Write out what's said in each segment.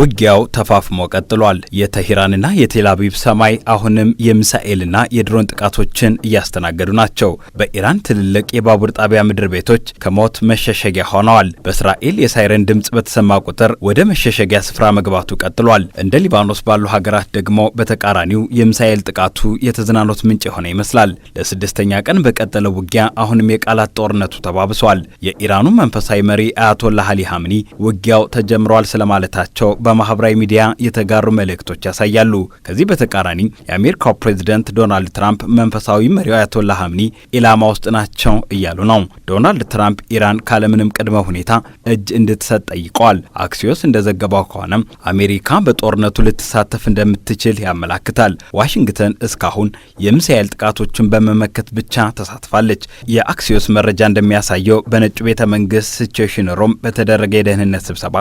ውጊያው ተፋፍሞ ቀጥሏል። የተሂራንና የቴላቪብ ሰማይ አሁንም የሚሳኤልና የድሮን ጥቃቶችን እያስተናገዱ ናቸው። በኢራን ትልልቅ የባቡር ጣቢያ ምድር ቤቶች ከሞት መሸሸጊያ ሆነዋል። በእስራኤል የሳይረን ድምፅ በተሰማ ቁጥር ወደ መሸሸጊያ ስፍራ መግባቱ ቀጥሏል። እንደ ሊባኖስ ባሉ ሀገራት ደግሞ በተቃራኒው የሚሳኤል ጥቃቱ የተዝናኖት ምንጭ የሆነ ይመስላል። ለስድስተኛ ቀን በቀጠለው ውጊያ አሁንም የቃላት ጦርነቱ ተባብሷል። የኢራኑ መንፈሳዊ መሪ አያቶላህ አሊ ሐምኒ ውጊያው ተጀምሯል ስለማለታቸው በማህበራዊ ሚዲያ የተጋሩ መልእክቶች ያሳያሉ። ከዚህ በተቃራኒ የአሜሪካው ፕሬዚደንት ዶናልድ ትራምፕ መንፈሳዊ መሪው አያቶላ ሀምኒ ኢላማ ውስጥ ናቸው እያሉ ነው። ዶናልድ ትራምፕ ኢራን ካለምንም ቅድመ ሁኔታ እጅ እንድትሰጥ ጠይቀዋል። አክሲዮስ እንደዘገባው ከሆነም አሜሪካ በጦርነቱ ልትሳተፍ እንደምትችል ያመላክታል። ዋሽንግተን እስካሁን የሚሳኤል ጥቃቶችን በመመከት ብቻ ተሳትፋለች። የአክሲዮስ መረጃ እንደሚያሳየው በነጩ ቤተ መንግስት ሲቹዌሽን ሮም በተደረገ የደህንነት ስብሰባ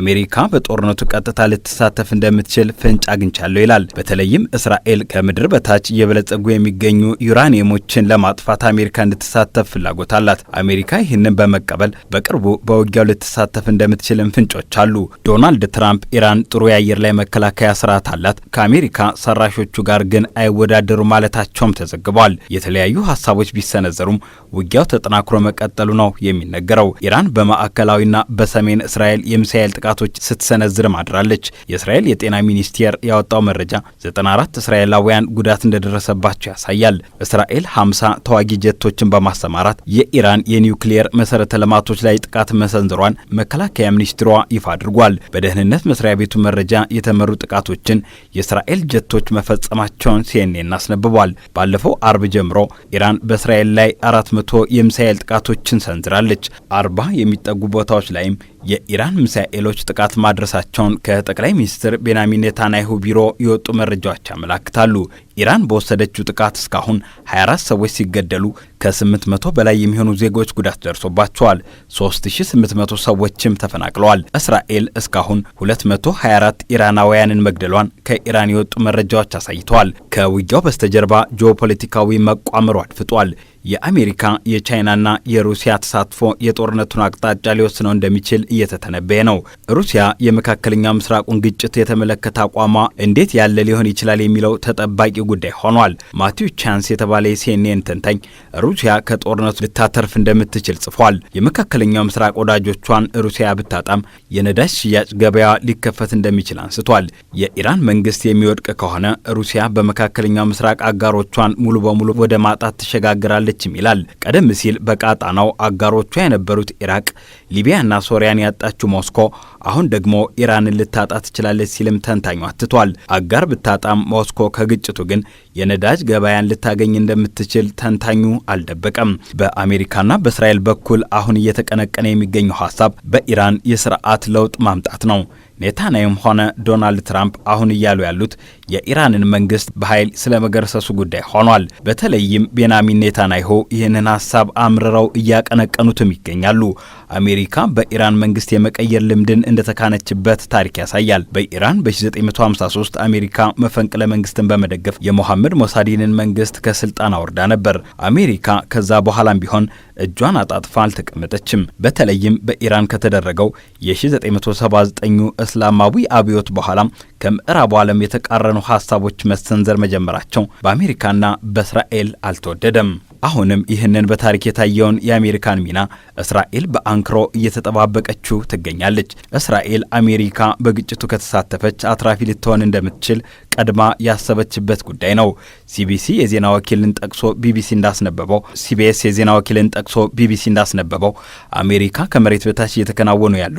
አሜሪካ በጦርነቱ ቀጥታ ልትሳተፍ እንደምትችል ፍንጭ አግኝቻለሁ ይላል። በተለይም እስራኤል ከምድር በታች እየበለጸጉ የሚገኙ ዩራኒየሞችን ለማጥፋት አሜሪካ እንድትሳተፍ ፍላጎት አላት። አሜሪካ ይህንን በመቀበል በቅርቡ በውጊያው ልትሳተፍ እንደምትችልም ፍንጮች አሉ። ዶናልድ ትራምፕ ኢራን ጥሩ የአየር ላይ መከላከያ ስርዓት አላት፣ ከአሜሪካ ሰራሾቹ ጋር ግን አይወዳደሩ ማለታቸውም ተዘግቧል። የተለያዩ ሀሳቦች ቢሰነዘሩም ውጊያው ተጠናክሮ መቀጠሉ ነው የሚነገረው። ኢራን በማዕከላዊና በሰሜን እስራኤል የሚሳኤል ጥቃቶች ስትሰነዝር ስትገረም አድራለች። የእስራኤል የጤና ሚኒስቴር ያወጣው መረጃ 94 እስራኤላውያን ጉዳት እንደደረሰባቸው ያሳያል። እስራኤል 50 ተዋጊ ጀቶችን በማሰማራት የኢራን የኒውክሊየር መሰረተ ልማቶች ላይ ጥቃት መሰንዝሯን መከላከያ ሚኒስትሯ ይፋ አድርጓል። በደህንነት መስሪያ ቤቱ መረጃ የተመሩ ጥቃቶችን የእስራኤል ጀቶች መፈጸማቸውን ሲኤንኤን አስነብቧል። ባለፈው አርብ ጀምሮ ኢራን በእስራኤል ላይ 400 የሚሳኤል ጥቃቶችን ሰንዝራለች። አርባ የሚጠጉ ቦታዎች ላይም የኢራን ሚሳኤሎች ጥቃት ማድረሳቸውን ከጠቅላይ ሚኒስትር ቤንያሚን ኔታንያሁ ቢሮ የወጡ መረጃዎች ያመላክታሉ። ኢራን በወሰደችው ጥቃት እስካሁን 24 ሰዎች ሲገደሉ ከ800 በላይ የሚሆኑ ዜጎች ጉዳት ደርሶባቸዋል። 3800 ሰዎችም ተፈናቅለዋል። እስራኤል እስካሁን 224 ኢራናውያንን መግደሏን ከኢራን የወጡ መረጃዎች አሳይተዋል። ከውጊያው በስተጀርባ ጂኦፖለቲካዊ መቋመሩ አድፍጧል። የአሜሪካ የቻይናና የሩሲያ ተሳትፎ የጦርነቱን አቅጣጫ ሊወስነው እንደሚችል እየተተነበየ ነው። ሩሲያ የመካከለኛው ምስራቁን ግጭት የተመለከተ አቋሟ እንዴት ያለ ሊሆን ይችላል የሚለው ተጠባቂ ጉዳይ ሆኗል። ማቲው ቻንስ የተባለ የሲኤንኤን ተንታኝ ሩሲያ ከጦርነቱ ልታተርፍ እንደምትችል ጽፏል። የመካከለኛው ምስራቅ ወዳጆቿን ሩሲያ ብታጣም የነዳጅ ሽያጭ ገበያ ሊከፈት እንደሚችል አንስቷል። የኢራን መንግስት የሚወድቅ ከሆነ ሩሲያ በመካከለኛው ምስራቅ አጋሮቿን ሙሉ በሙሉ ወደ ማጣት ትሸጋግራለችም ይላል። ቀደም ሲል በቃጣናው አጋሮቿ የነበሩት ኢራቅ፣ ሊቢያና ሶሪያን ያጣችው ሞስኮ አሁን ደግሞ ኢራንን ልታጣ ትችላለች ሲልም ተንታኙ አትቷል። አጋር ብታጣም ሞስኮ ከግጭቱ ግን থাকবেন የነዳጅ ገበያን ልታገኝ እንደምትችል ተንታኙ አልደበቀም። በአሜሪካና በእስራኤል በኩል አሁን እየተቀነቀነ የሚገኘው ሀሳብ በኢራን የስርዓት ለውጥ ማምጣት ነው። ኔታንያሁም ሆነ ዶናልድ ትራምፕ አሁን እያሉ ያሉት የኢራንን መንግስት በኃይል ስለመገርሰሱ ጉዳይ ሆኗል። በተለይም ቤንያሚን ኔታንያሁ ይህንን ሀሳብ አምርረው እያቀነቀኑትም ይገኛሉ። አሜሪካ በኢራን መንግስት የመቀየር ልምድን እንደተካነችበት ታሪክ ያሳያል። በኢራን በ1953 አሜሪካ መፈንቅለ መንግስትን በመደገፍ የሞሐመድ አህመድ ሞሳዲንን መንግስት ከስልጣን አውርዳ ነበር። አሜሪካ ከዛ በኋላም ቢሆን እጇን አጣጥፋ አልተቀመጠችም። በተለይም በኢራን ከተደረገው የ1979 እስላማዊ አብዮት በኋላ ከምዕራቡ ዓለም የተቃረኑ ሀሳቦች መሰንዘር መጀመራቸው በአሜሪካና በእስራኤል አልተወደደም። አሁንም ይህንን በታሪክ የታየውን የአሜሪካን ሚና እስራኤል በአንክሮ እየተጠባበቀችው ትገኛለች። እስራኤል አሜሪካ በግጭቱ ከተሳተፈች አትራፊ ልትሆን እንደምትችል ቀድማ ያሰበችበት ጉዳይ ነው። ሲቢሲ የዜና ወኪልን ጠቅሶ ቢቢሲ እንዳስነበበው ሲቢኤስ የዜና ወኪልን ጠቅሶ ቢቢሲ እንዳስነበበው አሜሪካ ከመሬት በታች እየተከናወኑ ያሉ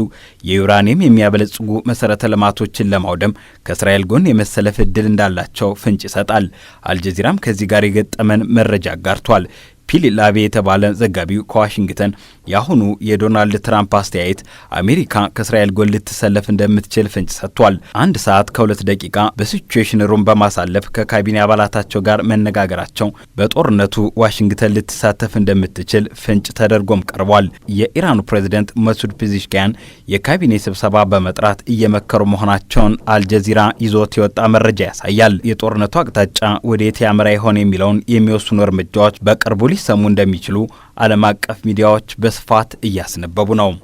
የዩራኒየም የሚያበለጽጉ መሰረተ ልማቶችን ለማውደም ከእስራኤል ጎን የመሰለፍ እድል እንዳላቸው ፍንጭ ይሰጣል። አልጀዚራም ከዚህ ጋር የገጠመን መረጃ አጋርቷል። ላቤ የተባለ ዘጋቢው ከዋሽንግተን የአሁኑ የዶናልድ ትራምፕ አስተያየት አሜሪካ ከእስራኤል ጎን ልትሰለፍ እንደምትችል ፍንጭ ሰጥቷል። አንድ ሰዓት ከሁለት ደቂቃ በሲቹዌሽን ሩም በማሳለፍ ከካቢኔ አባላታቸው ጋር መነጋገራቸው በጦርነቱ ዋሽንግተን ልትሳተፍ እንደምትችል ፍንጭ ተደርጎም ቀርቧል። የኢራኑ ፕሬዚደንት መሱድ ፒዚሽኪያን የካቢኔ ስብሰባ በመጥራት እየመከሩ መሆናቸውን አልጀዚራ ይዞት የወጣ መረጃ ያሳያል። የጦርነቱ አቅጣጫ ወደ የት ያመራ ይሆን የሚለውን የሚወስኑ እርምጃዎች በቅርቡ ሊሰሙ እንደሚችሉ ዓለም አቀፍ ሚዲያዎች በስፋት እያስነበቡ ነው።